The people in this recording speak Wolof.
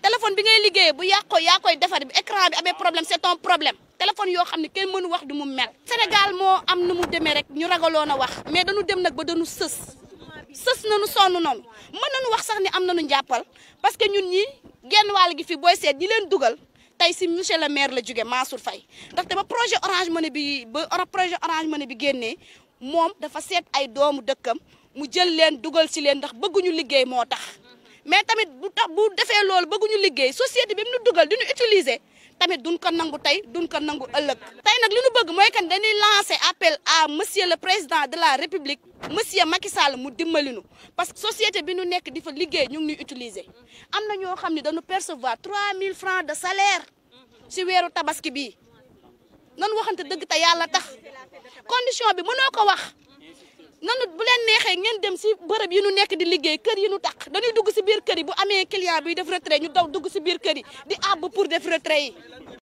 téléphone bi ngay liggéeyee bu yàqoo yaa koy defar bi écran bi amee problème c'est ton problème téléphone yoo xam ne kenn mënu wax du mu mel. Sénégal moo am nu mu demee rek ñu ragaloon a wax mais dañu dem nag ba dañu sës sës nu sonn noonu mën nañu wax sax ni am nañu njàppal parce que ñun ñi genn wàll gi fi booy seet ñi leen dugal. tey si monsieur le maire la jóge Mansour Faye ndaxte ba projet Orange Money bi ba projet Orange Money bi génnee moom dafa seet ay doomu dëkkam mu jël leen dugal si leen ndax bëgguñu liggéey moo tax mais tamit bu tax bu defee loolu bëgguñu liggéey société bi mu nu dugal di ñu utiliser tamit duñ ko nangu tay duñ ko nangu ëlëk tay nak li ñu bëgg moy kan dañuy lancer appel à monsieur le président de la république monsieur Macky Sall mu dimbali ñu parce que société bi ñu nekk di fa liggéey ñu ngi ñuy utiliser amna ño xamni dañu percevoir 3000 francs de salaire si weeru tabaski bi. nan waxante deug ta yalla tax condition bi mëno ko wax nanu neexee ngeen dem si bërëb yi nu nekk di liggéey kër yi nu taq dañuy dugg si biir kër yi bu amee client bi def retrait ñu daw dugg si biir kër yi di àbb pour def retrait yi